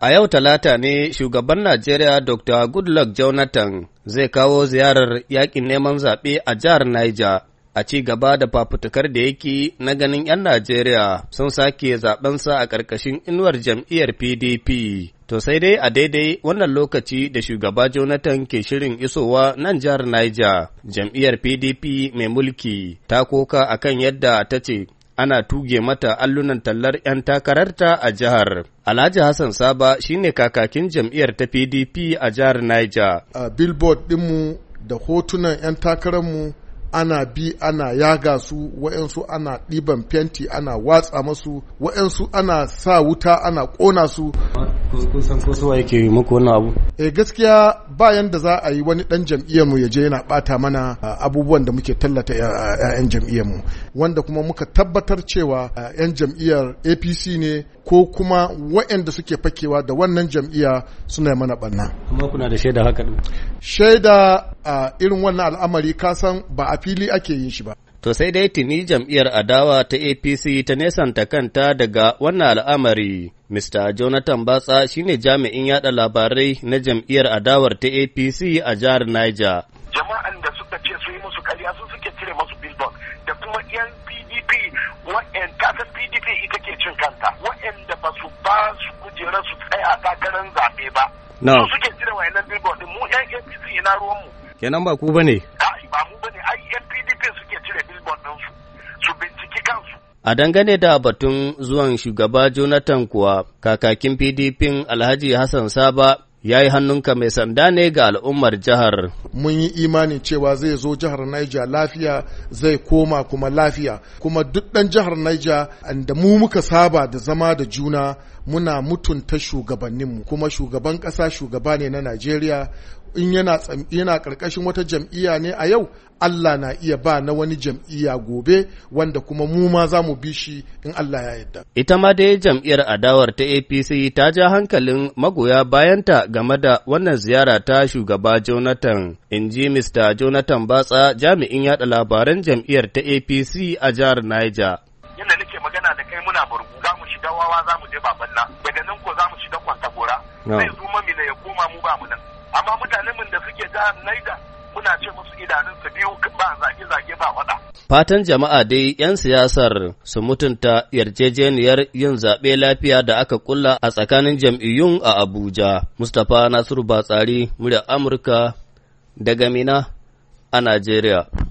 A yau Talata ne shugaban Najeriya Dr. Goodluck Jonathan zai kawo ziyarar yakin neman zaɓe a jihar Niger a ci gaba da fafutukar da yake na ganin 'yan Najeriya sun sake zaɓensa a ƙarƙashin inuwar jam'iyyar PDP. To sai dai a daidai wannan lokaci da shugaba Jonathan ke shirin isowa nan jihar Niger, jam'iyyar PDP mai mulki ta koka akan yadda ta ce ana tuge mata allunan tallar 'yan takararta a jihar. Alhaji Hassan Saba shi ne kakakin jam'iyyar ta PDP a jihar Niger. A billboard ɗinmu da hotunan 'yan takararmu ana bi ana yaga su wa'yansu ana ɗiban fenti ana watsa masu wa'yansu ana sa wuta ana ƙona su. Kusan san yake yi muku wannan abu? Eh gaskiya Bayan da za a yi wani dan mu ya je yana bata mana abubuwan da muke tallata 'ya'yan mu wanda kuma muka tabbatar cewa 'yan jam'iyyar apc ne ko kuma waɗanda suke fakewa da wannan jam'iyya suna mana banna amma kuna da shaida haka shaida irin wannan al'amari kasan ba a fili ake yin shi ba To sai dai tuni jam'iyyar adawa ta APC ta nesanta kanta daga wannan al'amari. Mr. Jonathan Batsa shine jami'in yada labarai na jam'iyyar adawar ta APC a jihar Niger. Jama'an da suka ce su yi musu karya sun suke cire musu billboard da kuma yan PDP wa'yan kasa PDP ita ke cin kanta wa'yanda ba su ba su kujera su tsaya takarar zaɓe ba. Su suke cire wa'yan billboard mu yan APC ina ruwanmu. Kenan ba ku ba ne. A dangane da batun zuwan shugaba Jonathan kuwa, kakakin PDP Alhaji Hassan Saba ya yi hannunka mai sanda ne ga al'ummar jihar. Mun yi imani cewa zai zo jihar Niger lafiya zai koma kuma lafiya, kuma duk ɗan jihar Niger da mu muka saba da zama da juna muna mutunta shugabanninmu, kuma shugaban ƙasa shugaba ne na Najeriya in yana yana karkashin wata jam'iyya ne a yau Allah na iya ba na wani jam'iyya gobe wanda kuma mu ma za mu bi shi in Allah ya yarda. Ita ma dai jam'iyyar adawar ta APC ta ja hankalin magoya bayanta game da wannan ziyara ta shugaba Jonathan. In ji Mr. Jonathan Batsa jami'in yada labaran jam'iyyar ta APC a jihar Niger. Yadda nake magana da kai muna burgu za mu shiga wawa za mu je babanna daga nan ko za mu shiga kwanta gora. Zai zuma mu ya koma mu ba mu nan. amma mutanen mun da suke jihar Naija muna ce musu idanunsu biyu ba zage-zage ba faɗa. Fatan jama'a dai 'yan siyasar su mutunta yarjejeniyar yin zaɓe lafiya da aka kula a tsakanin jam'iyyun a Abuja. Mustapha Nasiru Batsari, murya Amurka daga Mina a Najeriya.